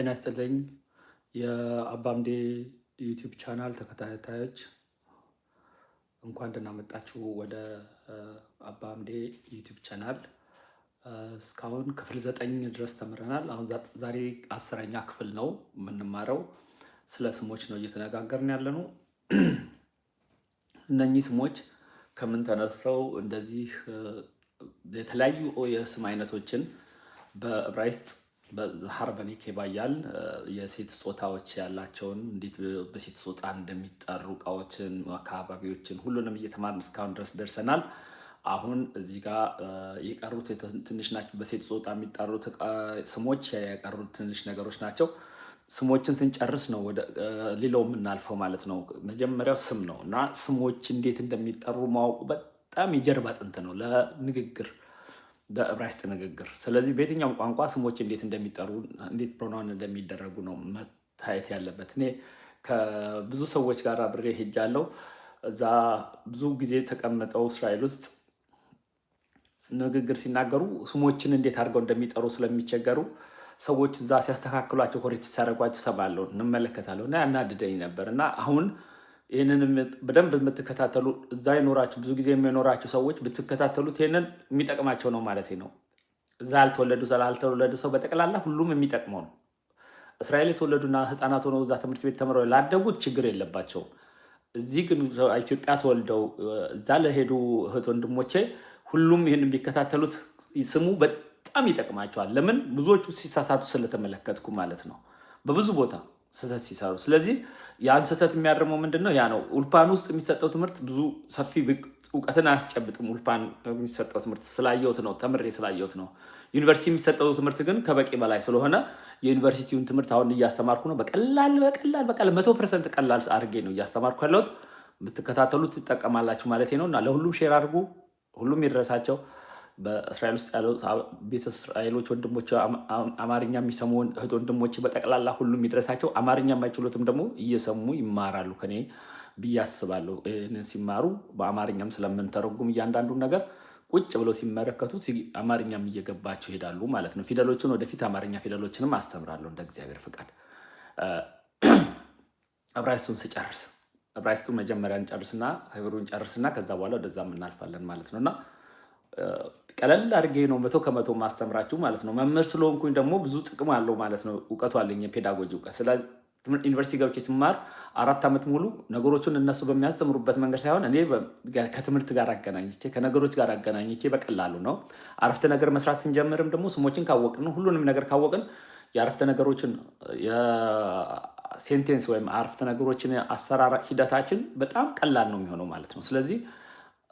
ጤና ይስጥልኝ የአባምዴ ዩቲዩብ ቻናል ተከታታዮች እንኳን ደህና መጣችሁ ወደ አባምዴ ዩቲዩብ ቻናል። እስካሁን ክፍል ዘጠኝ ድረስ ተምረናል። አሁን ዛሬ አስረኛ ክፍል ነው የምንማረው። ስለ ስሞች ነው እየተነጋገርን ያለ ነው። እነኚህ ስሞች ከምን ተነስተው እንደዚህ የተለያዩ የስም አይነቶችን በዕብራይስጥ ሀርበኒ ኬባያል የሴት ጾታዎች ያላቸውን እንዴት በሴት ጾታ እንደሚጠሩ እቃዎችን፣ አካባቢዎችን ሁሉንም እየተማርን እስካሁን ድረስ ደርሰናል። አሁን እዚህ ጋር የቀሩት ትንሽ ናቸው። በሴት ጾታ የሚጠሩት ስሞች የቀሩት ትንሽ ነገሮች ናቸው። ስሞችን ስንጨርስ ነው ወደ ሌላው የምናልፈው ማለት ነው። መጀመሪያው ስም ነው እና ስሞች እንዴት እንደሚጠሩ ማወቁ በጣም የጀርባ አጥንት ነው ለንግግር በዕብራይስጥ ንግግር። ስለዚህ በየትኛውም ቋንቋ ስሞች እንዴት እንደሚጠሩ እንዴት ፕሮናውን እንደሚደረጉ ነው መታየት ያለበት። እኔ ከብዙ ሰዎች ጋር አብሬ ሄጃለሁ። እዛ ብዙ ጊዜ ተቀምጠው እስራኤል ውስጥ ንግግር ሲናገሩ ስሞችን እንዴት አድርገው እንደሚጠሩ ስለሚቸገሩ ሰዎች እዛ ሲያስተካክሏቸው ኮሬክት ሲያደርጓቸው እሰማለሁ፣ እንመለከታለሁ እና ያናድደኝ ነበር እና አሁን ይህንን በደንብ የምትከታተሉ እዛ ይኖራችሁ ብዙ ጊዜ የሚኖራችሁ ሰዎች ብትከታተሉት ይህንን የሚጠቅማቸው ነው ማለት ነው። እዛ ያልተወለዱ ላልተወለደ ሰው በጠቅላላ ሁሉም የሚጠቅመው ነው። እስራኤል የተወለዱና ህፃናት ሆነው እዛ ትምህርት ቤት ተምረው ላደጉት ችግር የለባቸውም። እዚህ ግን ኢትዮጵያ ተወልደው እዛ ለሄዱ እህት ወንድሞቼ ሁሉም ይህን የሚከታተሉት ስሙ በጣም ይጠቅማቸዋል። ለምን ብዙዎቹ ሲሳሳቱ ስለተመለከትኩ ማለት ነው በብዙ ቦታ ስህተት ሲሰሩ። ስለዚህ ያን ስህተት የሚያርመው ምንድን ነው? ያ ነው ኡልፓን ውስጥ የሚሰጠው ትምህርት ብዙ ሰፊ እውቀትን አያስጨብጥም። ኡልፓን የሚሰጠው ትምህርት ስላየሁት ነው፣ ተምሬ ስላየሁት ነው። ዩኒቨርሲቲ የሚሰጠው ትምህርት ግን ከበቂ በላይ ስለሆነ የዩኒቨርሲቲውን ትምህርት አሁን እያስተማርኩ ነው። በቀላል በቀላል በቀላል መቶ ፐርሰንት ቀላል አድርጌ ነው እያስተማርኩ ያለሁት። የምትከታተሉት ትጠቀማላችሁ ማለት ነው እና ለሁሉም ሼር አድርጉ፣ ሁሉም ይድረሳቸው። በእስራኤል ውስጥ ያሉ ቤተ እስራኤሎች ወንድሞች አማርኛ የሚሰሙን እህት ወንድሞች በጠቅላላ ሁሉ የሚደረሳቸው አማርኛ የማይችሉትም ደግሞ እየሰሙ ይማራሉ ከኔ ብዬ አስባለሁ። ሲማሩ በአማርኛም ስለምንተረጉም እያንዳንዱን ነገር ቁጭ ብለው ሲመለከቱት አማርኛም እየገባቸው ይሄዳሉ ማለት ነው። ፊደሎችን ወደፊት አማርኛ ፊደሎችንም አስተምራለሁ እንደ እግዚአብሔር ፍቃድ። ዕብራይስጡን ስጨርስ ዕብራይስጡን መጀመሪያን ጨርስና ህብሩን ጨርስና ከዛ በኋላ ወደዛም እናልፋለን ማለት ነውና ቀለል አድርጌ ነው መቶ ከመቶ ማስተምራችሁ ማለት ነው። መምህር ስለሆንኩኝ ደግሞ ብዙ ጥቅም አለው ማለት ነው። እውቀቱ አለኝ የፔዳጎጂ እውቀት። ስለዚህ ዩኒቨርሲቲ ገብቼ ስማር አራት ዓመት ሙሉ ነገሮቹን እነሱ በሚያስተምሩበት መንገድ ሳይሆን እኔ ከትምህርት ጋር አገናኝቼ ከነገሮች ጋር አገናኝቼ በቀላሉ ነው። አረፍተ ነገር መስራት ስንጀምርም ደግሞ ስሞችን ካወቅን ሁሉንም ነገር ካወቅን የአረፍተ ነገሮችን ሴንቴንስ ወይም አረፍተ ነገሮችን አሰራር ሂደታችን በጣም ቀላል ነው የሚሆነው ማለት ነው። ስለዚህ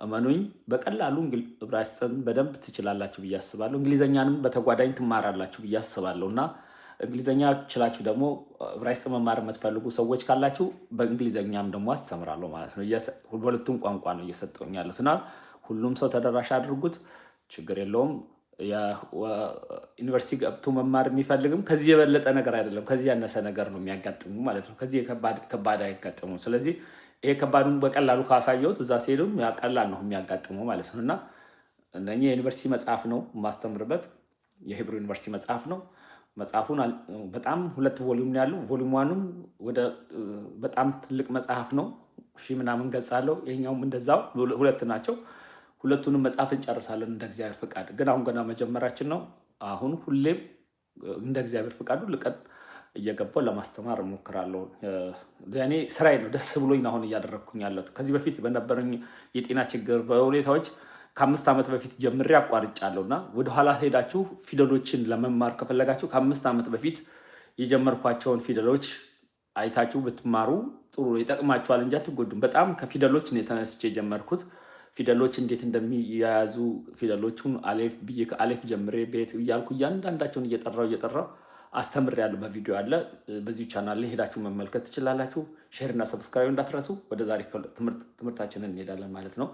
እመኑኝ በቀላሉ ዕብራይስጥን በደንብ ትችላላችሁ ብዬ አስባለሁ። እንግሊዘኛንም በተጓዳኝ ትማራላችሁ ብዬ አስባለሁ እና እንግሊዘኛ ችላችሁ ደግሞ ዕብራይስጥ መማር የምትፈልጉ ሰዎች ካላችሁ በእንግሊዘኛም ደግሞ አስተምራለሁ ማለት ነው። በሁለቱም ቋንቋ ነው እየሰጠሁኝ ያሉት እና ሁሉም ሰው ተደራሽ አድርጉት፣ ችግር የለውም። ዩኒቨርሲቲ ገብቶ መማር የሚፈልግም ከዚህ የበለጠ ነገር አይደለም፣ ከዚህ ያነሰ ነገር ነው የሚያጋጥሙ ማለት ነው። ከዚህ ከባድ አያጋጥሙ። ስለዚህ ይሄ ከባዱን በቀላሉ ካሳየሁት እዛ ሲሄድም ቀላል ነው የሚያጋጥመው ማለት ነው። እና እነኚህ የዩኒቨርሲቲ መጽሐፍ ነው የማስተምርበት የሂብሩ ዩኒቨርሲቲ መጽሐፍ ነው። መጽሐፉን በጣም ሁለት ቮሊዩም ነው ያለው። ቮሊዩም ዋኑም ወደ በጣም ትልቅ መጽሐፍ ነው ሺ ምናምን ገጽ አለው። ይሄኛውም እንደዛው ሁለት ናቸው። ሁለቱንም መጽሐፍ እንጨርሳለን እንደ እግዚአብሔር ፍቃድ። ግን አሁን ገና መጀመራችን ነው። አሁን ሁሌም እንደ እግዚአብሔር ፈቃዱ ሁል እየገባው ለማስተማር እሞክራለሁ። ለእኔ ስራዬ ነው፣ ደስ ብሎኝ አሁን እያደረግኩኝ ያለት። ከዚህ በፊት በነበረኝ የጤና ችግር በሁኔታዎች ከአምስት ዓመት በፊት ጀምሬ አቋርጫለሁ እና ወደኋላ ሄዳችሁ ፊደሎችን ለመማር ከፈለጋችሁ ከአምስት ዓመት በፊት የጀመርኳቸውን ፊደሎች አይታችሁ ብትማሩ ጥሩ ይጠቅማችኋል እንጂ አትጎዱም። በጣም ከፊደሎች ነው የተነስቼ የጀመርኩት ፊደሎች እንዴት እንደሚያያዙ ፊደሎቹን አሌፍ ብዬ ከአሌፍ ጀምሬ ቤት እያልኩ እያንዳንዳቸውን እየጠራው እየጠራው አስተምሬያለሁ። በቪዲዮ አለ በዚሁ ቻናል ላይ ሄዳችሁ መመልከት ትችላላችሁ። ሼርና ሰብስክራይብ እንዳትረሱ። ወደ ዛሬ ትምህርታችንን እንሄዳለን ማለት ነው።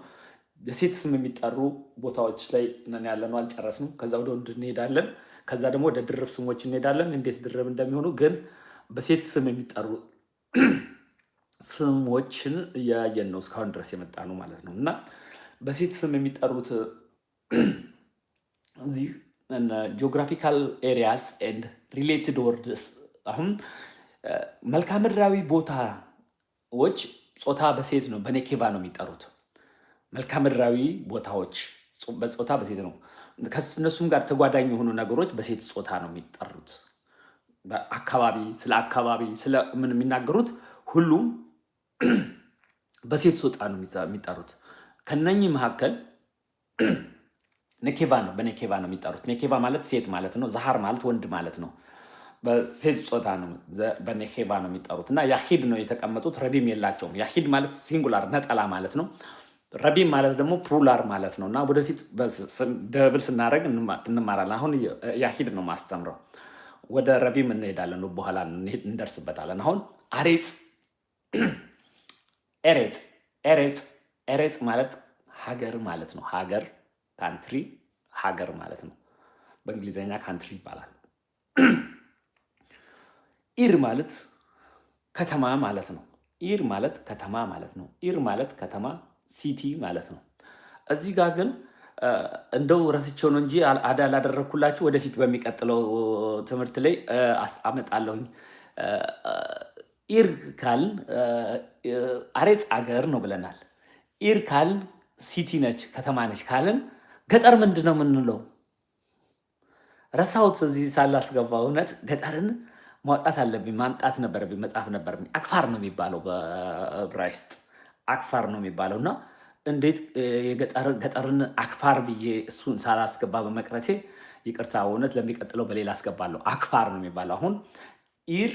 የሴት ስም የሚጠሩ ቦታዎች ላይ ነን ያለ ነው። አልጨረስንም። ከዛ ወደ ወንድ እንሄዳለን። ከዛ ደግሞ ወደ ድርብ ስሞች እንሄዳለን። እንዴት ድርብ እንደሚሆኑ ግን በሴት ስም የሚጠሩ ስሞችን እያየን ነው እስካሁን ድረስ የመጣ ነው ማለት ነው። እና በሴት ስም የሚጠሩት እዚህ ጂኦግራፊካል ኤሪያስ ኤንድ ሪሌትድ ወርድስ አሁን መልካምድራዊ ቦታዎች ጾታ በሴት ነው፣ በኔኬባ ነው የሚጠሩት። መልካምድራዊ ቦታዎች በጾታ በሴት ነው። ከእነሱም ጋር ተጓዳኝ የሆኑ ነገሮች በሴት ጾታ ነው የሚጠሩት። አካባቢ ስለ አካባቢ ስለ ምን የሚናገሩት ሁሉም በሴት ጾታ ነው የሚጠሩት። ከነኚህ መካከል ነኬቫ ነው። በነኬቫ ነው የሚጠሩት። ነኬቫ ማለት ሴት ማለት ነው። ዛሃር ማለት ወንድ ማለት ነው። በሴት ጾታ ነው በነኬቫ ነው የሚጠሩት እና ያሂድ ነው የተቀመጡት። ረቢም የላቸውም። ያሂድ ማለት ሲንጉላር ነጠላ ማለት ነው። ረቢም ማለት ደግሞ ፕሩላር ማለት ነው እና ወደፊት ደብል ስናደርግ እንማራለን። አሁን ያሂድ ነው ማስተምረው። ወደ ረቢም እንሄዳለን፣ በኋላ እንደርስበታለን። አሁን አሬጽ ኤሬጽ ኤሬጽ ኤሬጽ ማለት ሀገር ማለት ነው ሀገር ካንትሪ ሀገር ማለት ነው። በእንግሊዝኛ ካንትሪ ይባላል። ኢር ማለት ከተማ ማለት ነው። ኢር ማለት ከተማ ማለት ነው። ኢር ማለት ከተማ ሲቲ ማለት ነው። እዚህ ጋር ግን እንደው ረስቸው ነው እንጂ አዳ ላደረግኩላችሁ ወደፊት በሚቀጥለው ትምህርት ላይ አመጣለሁኝ። ኢር ካል አሬፅ አገር ነው ብለናል። ኢር ካል ሲቲ ነች ከተማ ነች ካልን ገጠር ምንድን ነው የምንለው? ረሳሁት። እዚህ ሳላስገባ እውነት ገጠርን ማውጣት አለብኝ ማምጣት ነበረብኝ። መጽሐፍ ነበር አክፋር ነው የሚባለው በዕብራይስጥ አክፋር ነው የሚባለው እና እንዴት የገጠርን አክፋር ብዬ እሱን ሳላስገባ በመቅረቴ ይቅርታ፣ እውነት ለሚቀጥለው በሌላ አስገባለሁ። አክፋር ነው የሚባለው አሁን ኢር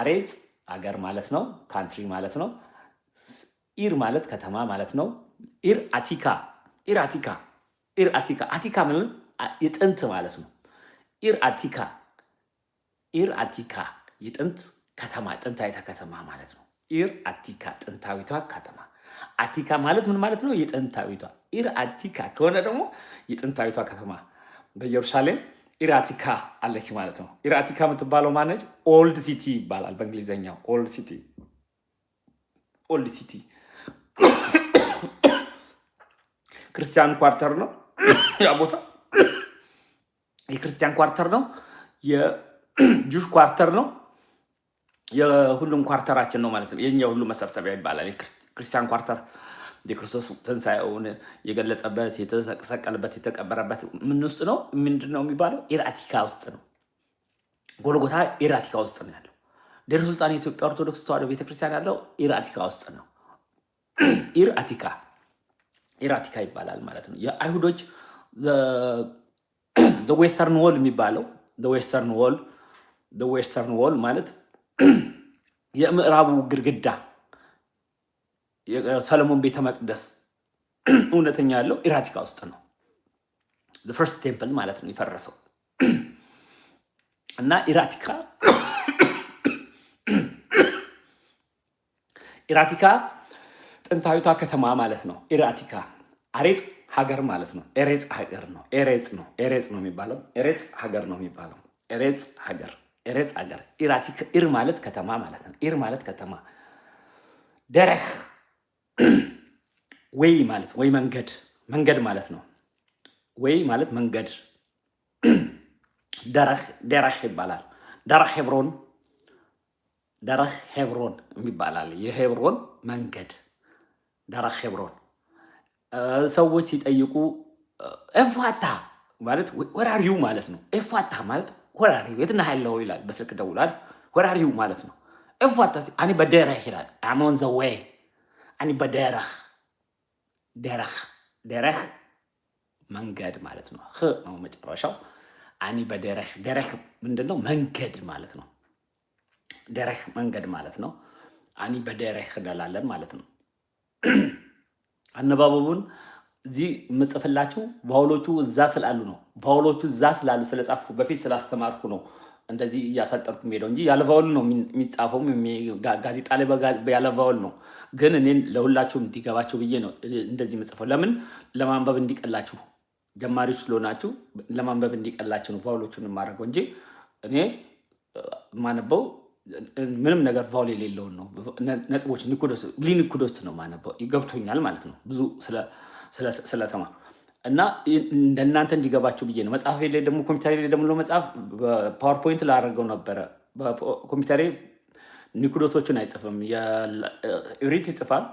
አሬት አገር ማለት ነው፣ ካንትሪ ማለት ነው። ኢር ማለት ከተማ ማለት ነው። ኢር አቲካ ኢር አቲካ ኢር አቲካ አቲካ ምን የጥንት ማለት ነው። ኢር አቲካ ኢር አቲካ የጥንት ከተማ ጥንታዊቷ ከተማ ማለት ነው። ኢር አቲካ ጥንታዊቷ ከተማ አቲካ ማለት ምን ማለት ነው? የጥንታዊቷ ኢር አቲካ ከሆነ ደግሞ የጥንታዊቷ ከተማ በኢየሩሳሌም ኢር አቲካ አለች ማለት ነው። ኢር አቲካ የምትባለው ማነች? ኦልድ ሲቲ ይባላል በእንግሊዝኛው ኦልድ ሲቲ ኦልድ ሲቲ ክርስቲያን ኳርተር ነው ያ ቦታ የክርስቲያን ኳርተር ነው፣ የጁሽ ኳርተር ነው፣ የሁሉም ኳርተራችን ነው ማለት ነው። የኛ ሁሉ መሰብሰቢያ ይባላል። ክርስቲያን ኳርተር የክርስቶስ ትንሳኤውን የገለጸበት የተሰቀለበት የተቀበረበት ምን ውስጥ ነው? ምንድን ነው የሚባለው? ኤራቲካ ውስጥ ነው። ጎልጎታ ኤራቲካ ውስጥ ነው ያለው። ደብረ ሱልጣን የኢትዮጵያ ኦርቶዶክስ ተዋሕዶ ቤተክርስቲያን ያለው ኤራቲካ ውስጥ ነው። ኢራቲካ ኢራቲካ ይባላል ማለት ነው። የአይሁዶች ዌስተርን ወል የሚባለው ዌስተርን ወል ዌስተርን ወል ማለት የምዕራቡ ግድግዳ ሰለሞን ቤተ መቅደስ እውነተኛ ያለው ኢራቲካ ውስጥ ነው። ፈርስት ቴምፕል ማለት ነው የፈረሰው እና ኢራቲካ ኢራቲካ ጥንታዊቷ ከተማ ማለት ነው። ኢራቲካ አሬጽ ሀገር ማለት ነው። ኤሬጽ ሀገር ነው። ኤሬጽ ነው። ኤሬጽ ነው የሚባለው። ኤሬጽ ሀገር ነው የሚባለው። ኤሬጽ ሀገር፣ ኤሬጽ ሀገር። ኢራቲክ ኢር ማለት ከተማ ማለት ነው። ኢር ማለት ከተማ። ደረህ ወይ ማለት ወይ መንገድ መንገድ ማለት ነው። ወይ ማለት መንገድ። ደረህ ደረህ ይባላል። ደረህ ሄብሮን፣ ደረህ ሄብሮን ይባላል። የሄብሮን መንገድ ዳራ ኬብሮን ሰዎች ሲጠይቁ ኤፋታ ማለት ወራሪው ማለት ነው። ኤፋታ ማለት ወራሪ የት ነህ ያለው ይላል። በስልክ ደውላል ወራሪው ማለት ነው። ኤፋታ አኒ በደረህ ይላል። አሞን ዘወይ አኒ በደረህ ደረህ ደረህ መንገድ ማለት ነው። ህ ነው መጨረሻው። አኒ በደረህ ደረህ ምንድነው? መንገድ ማለት ነው። ደረህ መንገድ ማለት ነው። አኒ በደረህ እንላለን ማለት ነው። አነባበቡን እዚህ የምጽፍላችሁ ቫውሎቹ እዛ ስላሉ ነው። ቫውሎቹ እዛ ስላሉ ስለጻፍኩ በፊት ስላስተማርኩ ነው እንደዚህ እያሳጠርኩ የሚሄደው እንጂ ያለ ቫውል ነው የሚጻፈው። ጋዜጣ ላይ ያለ ቫውል ነው። ግን እኔን ለሁላችሁም እንዲገባቸው ብዬ ነው እንደዚህ የምጽፈው። ለምን ለማንበብ እንዲቀላችሁ፣ ጀማሪዎች ስለሆናችሁ ለማንበብ እንዲቀላችሁ ነው ቫውሎቹን የማደርገው እንጂ እኔ የማነበው ምንም ነገር ቫውል የሌለውን ነው ነጥቦች ሊኒኩዶስ ነው ማነበው ገብቶኛል ማለት ነው ብዙ ስለተማ እና እንደናንተ እንዲገባቸው ብዬ ነው። መጽሐፍ ላይ ደግሞ ኮምፒውተሬ ላይ ደግሞ መጽሐፍ ፓወርፖይንት ላደረገው ነበረ። ኮምፒውተሬ ኒኩዶቶችን አይጽፍም፣ ሪት ይጽፋል፣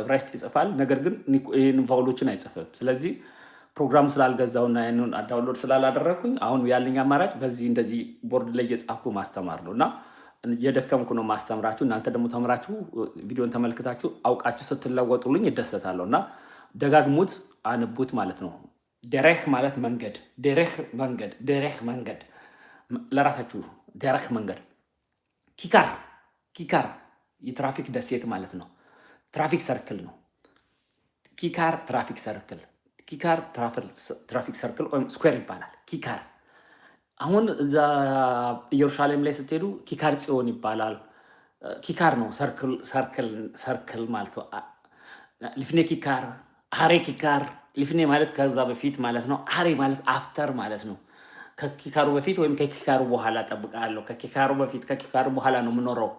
ዕብራይስጥ ይጽፋል። ነገር ግን ይህን ቫውሎችን አይጽፍም። ስለዚህ ፕሮግራም ስላልገዛውና ዳውንሎድ ስላላደረግኩኝ አሁን ያለኝ አማራጭ በዚህ እንደዚህ ቦርድ ላይ እየጻፍኩ ማስተማር ነው እና የደከምኩ ነው ማስተምራችሁ። እናንተ ደግሞ ተምራችሁ ቪዲዮን ተመልክታችሁ አውቃችሁ ስትለወጡልኝ ይደሰታለሁ እና ደጋግሙት፣ አንቡት ማለት ነው። ደረህ ማለት መንገድ፣ ደረህ መንገድ፣ ደረህ መንገድ ለራሳችሁ ደረህ መንገድ። ኪካር ኪካር የትራፊክ ደሴት ማለት ነው። ትራፊክ ሰርክል ነው። ኪካር ትራፊክ ሰርክል፣ ኪካር ትራፊክ ሰርክል ወይም ስኩዌር ይባላል። ኪካር አሁን እዛ ኢየሩሻሌም ላይ ስትሄዱ ኪካር ጽዮን ይባላል። ኪካር ነው ሰርክል ማለት ነው። ሊፍኔ ኪካር፣ አሬ ኪካር። ሊፍኔ ማለት ከዛ በፊት ማለት ነው። አሬ ማለት አፍተር ማለት ነው። ከኪካሩ በፊት ወይም ከኪካሩ በኋላ ጠብቃለሁ። ከኪካሩ በፊት ከኪካሩ በኋላ ነው የምኖረው።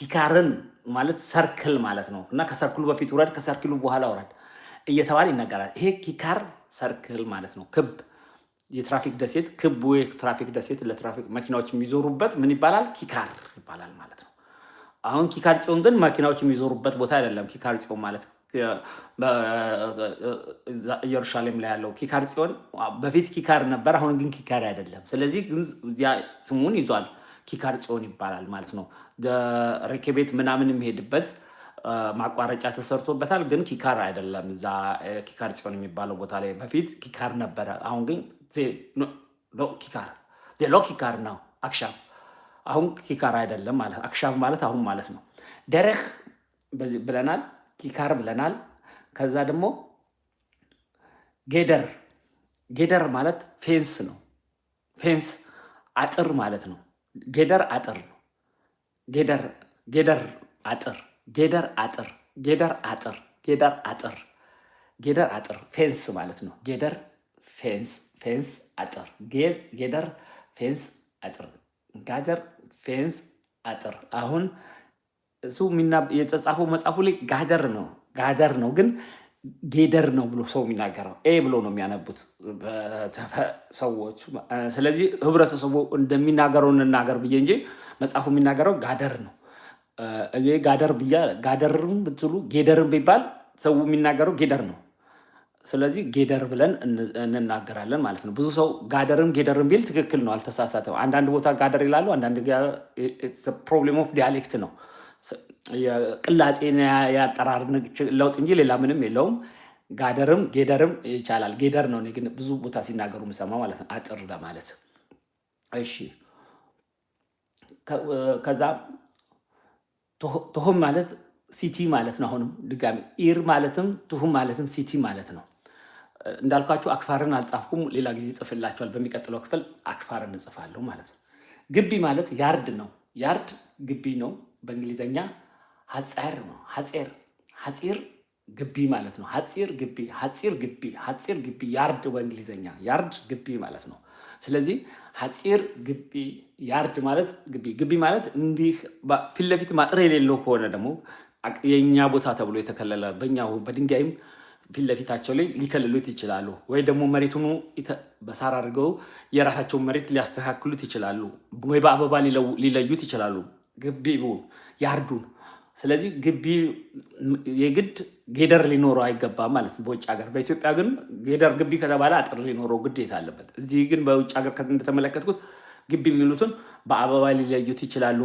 ኪካርን ማለት ሰርክል ማለት ነው እና ከሰርክሉ በፊት ውረድ፣ ከሰርክሉ በኋላ ውረድ እየተባለ ይነገራል። ይሄ ኪካር ሰርክል ማለት ነው ክብ የትራፊክ ደሴት ክቡ የትራፊክ ደሴት ለትራፊክ መኪናዎች የሚዞሩበት ምን ይባላል? ኪካር ይባላል ማለት ነው። አሁን ኪካር ጽዮን ግን መኪናዎች የሚዞሩበት ቦታ አይደለም። ኪካር ጽዮን ማለት ኢየሩሻሌም ላይ ያለው ኪካር ጽዮን በፊት ኪካር ነበር፣ አሁን ግን ኪካር አይደለም። ስለዚህ ስሙን ይዟል፣ ኪካር ጽዮን ይባላል ማለት ነው። ሬኬ ቤት ምናምን የሚሄድበት ማቋረጫ ተሰርቶበታል፣ ግን ኪካር አይደለም። እዛ ኪካር ጽዮን የሚባለው ቦታ ላይ በፊት ኪካር ነበረ፣ አሁን ግን ኪካር ኪካር ነው አክሻፍ አሁን ኪካር አይደለም ማለት አክሻፍ ማለት አሁን ማለት ነው። ደረህ ብለናል፣ ኪካር ብለናል። ከዛ ደግሞ ጌደር ጌደር ማለት ፌንስ ነው። ፌንስ አጥር ማለት ነው። ጌደር አጥር ነው። ጌደር ጌደር አጥር ጌደር አጥር ጌደር አጥር ጌደር አጥር ጌደር አጥር ፌንስ ማለት ነው። ጌደር ፌንስ ፌንስ አጥር፣ ጌደር ፌንስ አጥር፣ ጋጀር ፌንስ አጥር። አሁን እሱ የተጻፈው መጽሐፉ ላይ ጋደር ነው ጋደር ነው ግን ጌደር ነው ብሎ ሰው የሚናገረው ኤ ብሎ ነው የሚያነቡት ሰዎች። ስለዚህ ህብረተሰቡ እንደሚናገረው እንናገር ብዬ እንጂ መጽሐፉ የሚናገረው ጋደር ነው። ጋደር ብያ ጋደርም ብትሉ ጌደርም ቢባል ሰው የሚናገረው ጌደር ነው። ስለዚህ ጌደር ብለን እንናገራለን ማለት ነው። ብዙ ሰው ጋደርም ጌደርም ቢል ትክክል ነው፣ አልተሳሳተም። አንዳንድ ቦታ ጋደር ይላሉ፣ አንዳንድ ፕሮብሌም ኦፍ ዲያሌክት ነው። ቅላጼን ያጠራር ለውጥ እንጂ ሌላ ምንም የለውም። ጋደርም ጌደርም ይቻላል። ጌደር ነው ግን ብዙ ቦታ ሲናገሩ ምሰማ ማለት ነው፣ አጥር ለማለት እሺ። ከዛ ትሁም ማለት ሲቲ ማለት ነው። አሁንም ድጋሚ ኢር ማለትም ትሁም ማለትም ሲቲ ማለት ነው። እንዳልኳችሁ አክፋርን አልጻፍኩም። ሌላ ጊዜ ጽፍላችኋል። በሚቀጥለው ክፍል አክፋርን እጽፋለሁ ማለት ነው። ግቢ ማለት ያርድ ነው። ያርድ ግቢ ነው። በእንግሊዝኛ ሐፀር ነው። ሐፀር ሐፂር ግቢ ማለት ነው። ሐፂር ግቢ፣ ሐፂር ግቢ፣ ሐፂር ግቢ ያርድ በእንግሊዝኛ ያርድ ግቢ ማለት ነው። ስለዚህ ሐፂር ግቢ ያርድ ማለት ግቢ ግቢ ማለት እንዲህ ፊት ለፊት ማጥር የሌለው ከሆነ ደግሞ የእኛ ቦታ ተብሎ የተከለለ በእኛ በድንጋይም ፊት ለፊታቸው ላይ ሊከልሉት ይችላሉ፣ ወይ ደግሞ መሬቱን በሳር አድርገው የራሳቸውን መሬት ሊያስተካክሉት ይችላሉ፣ ወይ በአበባ ሊለዩት ይችላሉ ግቢውን ያርዱን። ስለዚህ ግቢ የግድ ጌደር ሊኖረው አይገባም ማለት በውጭ ሀገር በኢትዮጵያ ግን ጌደር ግቢ ከተባለ አጥር ሊኖረው ግዴታ አለበት። እዚህ ግን በውጭ ሀገር እንደተመለከትኩት ግቢ የሚሉትን በአበባ ሊለዩት ይችላሉ።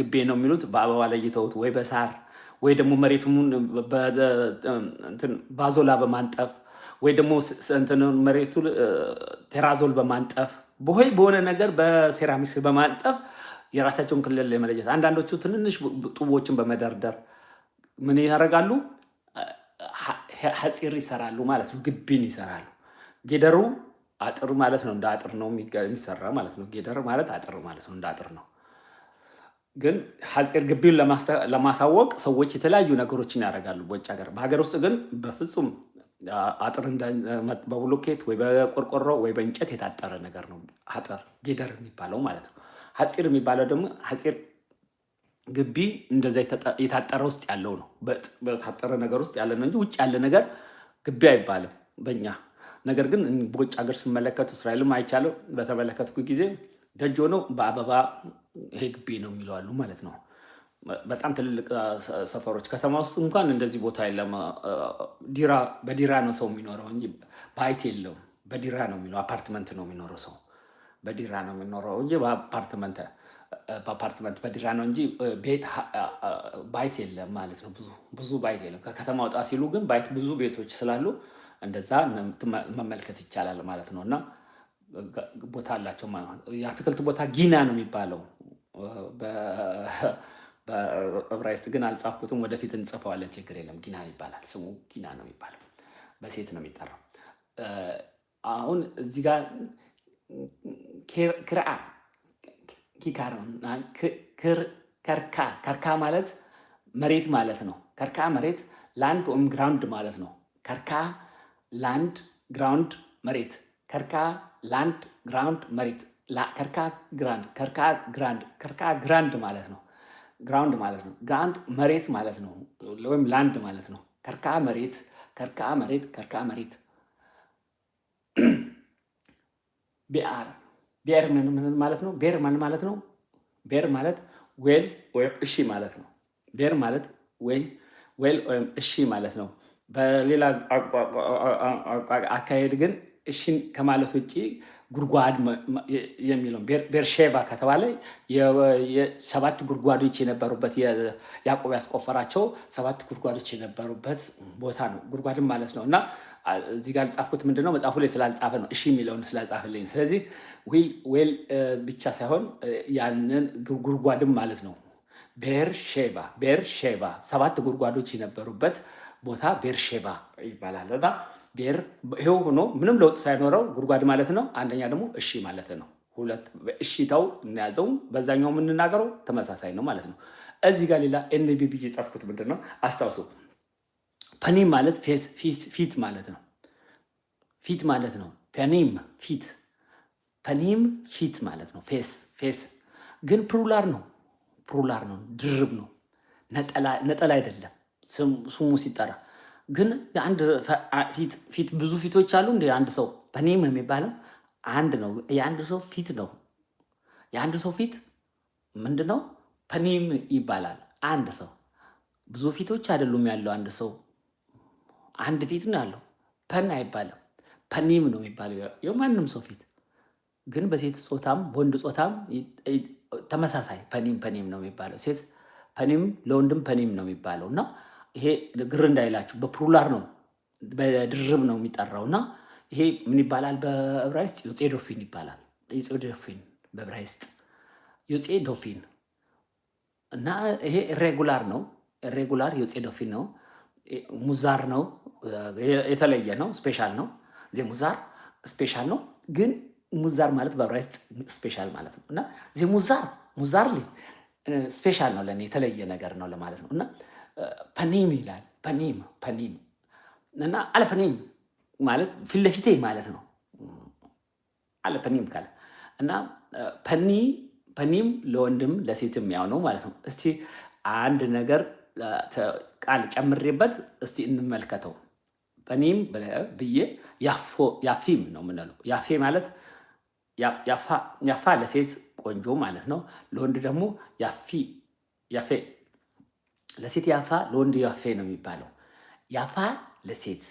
ግቢ ነው የሚሉት በአበባ ለይተውት ወይ በሳር ወይ ደግሞ መሬቱን ባዞላ በማንጠፍ ወይ ደግሞ መሬቱ ቴራዞል በማንጠፍ በሆይ በሆነ ነገር በሴራሚክስ በማንጠፍ የራሳቸውን ክልል የመለየት አንዳንዶቹ ትንንሽ ጡቦችን በመደርደር ምን ያደርጋሉ? ሐፂር ይሰራሉ ማለት ነው። ግቢን ይሰራሉ። ጌደሩ አጥር ማለት ነው። እንደ አጥር ነው የሚሰራ ማለት ነው። ጌደር ማለት አጥር ማለት ነው። እንደ አጥር ነው። ግን ሐፂር ግቢውን ለማሳወቅ ሰዎች የተለያዩ ነገሮችን ያደርጋሉ በውጭ ሀገር። በሀገር ውስጥ ግን በፍጹም አጥር በብሎኬት ወይ በቆርቆሮ ወይ በእንጨት የታጠረ ነገር ነው አጥር ጌደር የሚባለው ማለት ነው። ሐፂር የሚባለው ደግሞ ሐፂር ግቢ እንደዛ የታጠረ ውስጥ ያለው ነው። በታጠረ ነገር ውስጥ ያለ ነው እንጂ ውጭ ያለ ነገር ግቢ አይባልም በእኛ ነገር። ግን በውጭ ሀገር ስመለከት እስራኤልም አይቻለው በተመለከትኩ ጊዜ ደጅ ሆነው በአበባ ይሄ ግቢ ነው የሚለዋሉ ማለት ነው። በጣም ትልልቅ ሰፈሮች ከተማ ውስጥ እንኳን እንደዚህ ቦታ የለም። በዲራ ነው ሰው የሚኖረው እንጂ በሀይት የለውም። በዲራ ነው የሚኖረው፣ አፓርትመንት ነው የሚኖረው ሰው በዲራ ነው የሚኖረው እንጂ በአፓርትመንት በአፓርትመንት በዲራ ነው እንጂ ቤት ባይት የለም ማለት ነው። ብዙ ብዙ ባይት የለም። ከከተማ ወጣ ሲሉ ግን ባይት ብዙ ቤቶች ስላሉ እንደዛ መመልከት ይቻላል ማለት ነው እና ቦታ አላቸው። የአትክልት ቦታ ጊና ነው የሚባለው በዕብራይስጥ ግን አልጻፍኩትም። ወደፊት እንጽፈዋለን፣ ችግር የለም። ጊና ይባላል ስሙ ጊና ነው የሚባለው። በሴት ነው የሚጠራው። አሁን እዚህ ጋር ክርአ ኪካር ከርካ ከርካ ማለት መሬት ማለት ነው። ከርካ መሬት ላንድ ወይም ግራውንድ ማለት ነው። ከርካ ላንድ ግራውንድ መሬት ከርካ ላንድ ግራውንድ መሬት ከርካ ግራንድ ከርካ ግራንድ ከርካ ግራንድ ማለት ነው። ግራውንድ ማለት ነው። ግራንድ መሬት ማለት ነው፣ ወይም ላንድ ማለት ነው። ከርካ መሬት ከርካ መሬት ከርካ መሬት ቢአር ቢአር ምን ማለት ነው? ቤር ምን ማለት ነው? ቤር ማለት ዌል ወይም እሺ ማለት ነው። ቤር ማለት ወይ ዌል ወይም እሺ ማለት ነው። በሌላ አካሄድ ግን እሺን ከማለት ውጭ ጉድጓድ የሚለው ቤርሼቫ ከተባለ ሰባት ጉድጓዶች የነበሩበት ያዕቆብ ያስቆፈራቸው ሰባት ጉድጓዶች የነበሩበት ቦታ ነው። ጉድጓድም ማለት ነው እና እዚህ ጋር ጻፍኩት። ምንድነው መጽሐፉ ላይ ስላልጻፈ ነው እሺ የሚለውን ስላልጻፈልኝ። ስለዚህ ዌል ብቻ ሳይሆን ያንን ጉድጓድም ማለት ነው። ቤርሼቫ ቤርሼቫ ሰባት ጉድጓዶች የነበሩበት ቦታ ቤርሼቫ ይባላል እና ብሔር ይሄው ሆኖ ምንም ለውጥ ሳይኖረው ጉድጓድ ማለት ነው። አንደኛ ደግሞ እሺ ማለት ነው። ሁለት እሺታው እናያዘው በዛኛው የምንናገረው ተመሳሳይ ነው ማለት ነው። እዚህ ጋር ሌላ ኤንቢቢ የጻፍኩት ምንድን ነው አስታውሱ። ፐኒም ማለት ፊት ማለት ነው። ፊት ማለት ነው። ፐኒም ፊት፣ ፐኒም ፊት ማለት ነው። ፌስ ፌስ ግን ፕሩላር ነው። ፕሩላር ነው፣ ድርብ ነው፣ ነጠላ አይደለም ስሙ ሲጠራ ግን የአንድ ፊት ብዙ ፊቶች አሉ። እንደ አንድ ሰው በኔም የሚባለው አንድ ነው። የአንድ ሰው ፊት ነው። የአንድ ሰው ፊት ምንድን ነው? በኔም ይባላል። አንድ ሰው ብዙ ፊቶች አይደሉም ያለው። አንድ ሰው አንድ ፊት ነው ያለው። ፐን አይባልም፣ ፐኒም ነው የሚባለው የማንም ሰው ፊት። ግን በሴት ጾታም በወንድ ጾታም ተመሳሳይ ፐኒም ፐኒም ነው የሚባለው። ሴት ፐኒም ለወንድም ፐኒም ነው የሚባለው እና ይሄ ግር እንዳይላችሁ በፕሩላር ነው በድርብ ነው የሚጠራው እና ይሄ ምን ይባላል በዕብራይስጥ ዮፄ ዶፊን ይባላል። ዮፄ ዶፊን በዕብራይስጥ ዮፄ ዶፊን እና ይሄ ኢሬጉላር ነው። ኢሬጉላር ዮፄ ዶፊን ነው። ሙዛር ነው፣ የተለየ ነው፣ ስፔሻል ነው። ዜ ሙዛር ስፔሻል ነው። ግን ሙዛር ማለት በዕብራይስጥ ስፔሻል ማለት ነው እና ዜ ሙዛር ሙዛር ስፔሻል ነው ለእኔ የተለየ ነገር ነው ለማለት ነው እና ፐኒም ይላል። ፐኒም ፐኒም እና አለፐኒም ማለት ፊት ለፊቴ ማለት ነው። አለፐኒም ካለ እና ፐኒ ፐኒም ለወንድም ለሴትም ያው ነው ማለት ነው። እስቲ አንድ ነገር ቃል ጨምሬበት እስቲ እንመልከተው። ፐኒም ብዬ ያፊም ነው የምንለው። ያፌ ማለት ያፋ ለሴት ቆንጆ ማለት ነው። ለወንድ ደግሞ ያፊ ያፌ ለሴት ያፋ ለወንድ ያፌ ነው የሚባለው። ያፋ ለሴት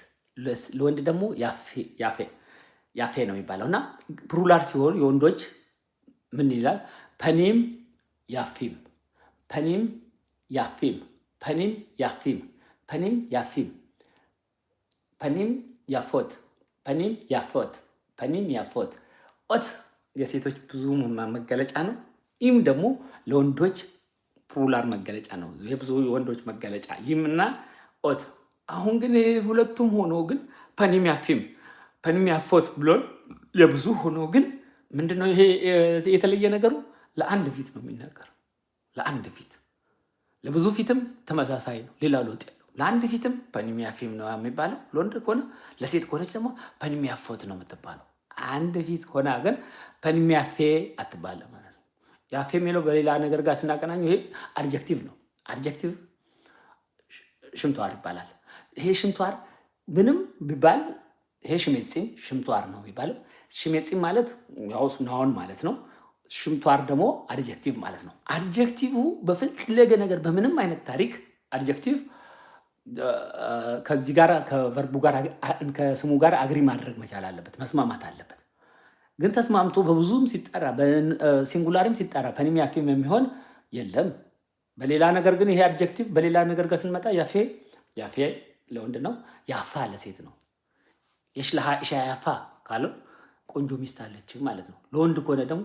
ለወንድ ደግሞ ያፌ ነው የሚባለው እና ፕሩላር ሲሆን የወንዶች ምን ይላል? ፐኒም ያፊም፣ ፐኒም ያፊም፣ ፐኒም ያፊም፣ ፐኒም ያፊም፣ ፐኒም ያፎት፣ ፐኒም ያፎት፣ ፐኒም ያፎት። ኦት የሴቶች ብዙ መገለጫ ነው። ኢም ደግሞ ለወንዶች ፖፑላር መገለጫ ነው። ይሄ ብዙ ወንዶች መገለጫ ይም ኦት። አሁን ግን ሁለቱም ሆኖ ግን ፐኒሚያፊም ፐኒሚያፎት ብሎን ለብዙ ሆኖ ግን ምንድነው ይሄ የተለየ ነገሩ? ለአንድ ፊት ነው የሚነገር። ለአንድ ፊት ለብዙ ፊትም ተመሳሳይ ነው፣ ሌላ ለውጥ የለውም። ለአንድ ፊትም ፐኒሚያፊም ነው የሚባለው ለወንድ ከሆነ፣ ለሴት ከሆነች ደግሞ ፐኒሚያፎት ነው የምትባለው። አንድ ፊት ሆና ግን ፐኒሚያፌ አትባለም። ያፍ የሚለው በሌላ ነገር ጋር ስናቀናኘው ይሄ አድጀክቲቭ ነው። አድጀክቲቭ ሽምቷር ይባላል። ይሄ ሽምቷር ምንም ቢባል ይሄ ሽሜፂም ሽምቷር ነው የሚባለው። ሽሜፂም ማለት ያው ናውን ማለት ነው። ሽምቷር ደግሞ አድጀክቲቭ ማለት ነው። አድጀክቲቭ በፈለገ ነገር በምንም አይነት ታሪክ አድጀክቲቭ ከዚህ ጋር ከቨርቡ ጋር ከስሙ ጋር አግሪ ማድረግ መቻል አለበት፣ መስማማት አለበት። ግን ተስማምቶ በብዙም ሲጠራ ሲንጉላርም ሲጠራ ፐኒም ያፌም የሚሆን የለም። በሌላ ነገር ግን ይሄ አድጀክቲቭ በሌላ ነገር ጋር ስንመጣ ያፌ ያፌ ለወንድ ነው፣ ያፋ ለሴት ነው። የሽልሃ እሻ ያፋ ካለው ቆንጆ ሚስት አለች ማለት ነው። ለወንድ ከሆነ ደግሞ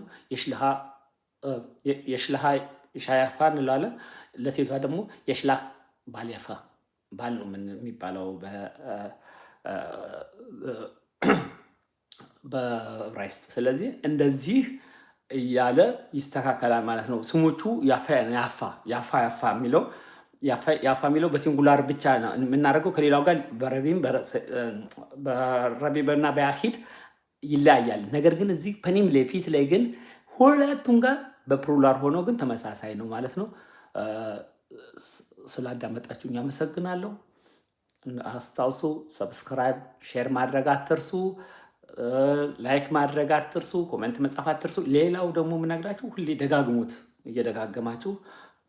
የሽልሃ እሻ ያፋ እንለዋለን። ለሴቷ ደግሞ የሽላህ ባል ያፋ ባል ነው የሚባለው በዕብራይስጥ። ስለዚህ እንደዚህ እያለ ይስተካከላል ማለት ነው። ስሞቹ ያፋ ያፋ ያፋ የሚለው ያፋ የሚለው በሲንጉላር ብቻ ነው የምናደርገው። ከሌላው ጋር በረቢብና በያሂድ ይለያያል። ነገር ግን እዚህ ፐኒም ለፊት ላይ ግን ሁለቱም ጋር በፕሉራል ሆኖ ግን ተመሳሳይ ነው ማለት ነው። ስላዳመጣችሁ አመሰግናለሁ። አስታውሱ፣ ሰብስክራይብ፣ ሼር ማድረግ አትርሱ። ላይክ ማድረግ አትርሱ፣ ኮመንት መጻፍ አትርሱ። ሌላው ደግሞ የምነግራችሁ ሁሌ ደጋግሙት፣ እየደጋገማችሁ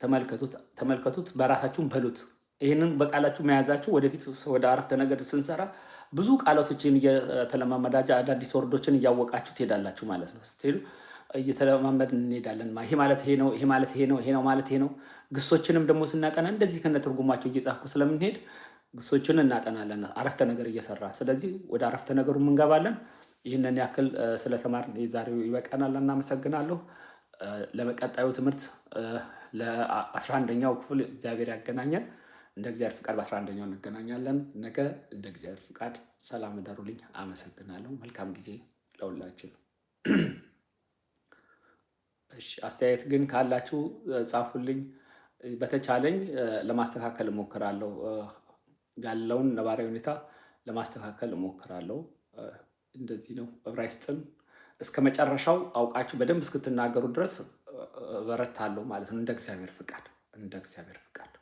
ተመልከቱት፣ ተመልከቱት፣ በሉት። ይህንን በቃላችሁ መያዛችሁ ወደፊት ወደ አረፍተ ነገር ስንሰራ ብዙ ቃላቶችን እየተለማመዳችሁ አዳዲስ ወርዶችን እያወቃችሁ ትሄዳላችሁ ማለት ነው። ስትሄዱ እየተለማመድ እንሄዳለን። ይሄ ማለት ይሄ ነው፣ ይሄ ማለት ይሄ ነው፣ ይሄ ነው ማለት ይሄ ነው። ግሶችንም ደግሞ ስናቀና እንደዚህ ከነ ትርጉማቸው እየጻፍኩ ስለምንሄድ ግሶቹን እናጠናለን አረፍተ ነገር እየሰራ ስለዚህ ወደ አረፍተ ነገሩ እንገባለን። ይህንን ያክል ስለተማር የዛሬው ይበቃናል። እናመሰግናለሁ። ለቀጣዩ ትምህርት ለ 11 ክፍል እግዚአብሔር ያገናኘን። እንደ እግዚአብሔር ፍቃድ በ11ኛው እንገናኛለን ነገ እንደ እግዚአብሔር ፍቃድ ሰላም እደሩልኝ። አመሰግናለሁ። መልካም ጊዜ ለሁላችን። አስተያየት ግን ካላችሁ ጻፉልኝ። በተቻለኝ ለማስተካከል እሞክራለሁ። ያለውን ነባራዊ ሁኔታ ለማስተካከል እሞክራለሁ። እንደዚህ ነው። ዕብራይስጥን እስከ መጨረሻው አውቃችሁ በደንብ እስክትናገሩ ድረስ እበረታለሁ ማለት ነው። እንደ እግዚአብሔር ፍቃድ እንደ እግዚአብሔር ፍቃድ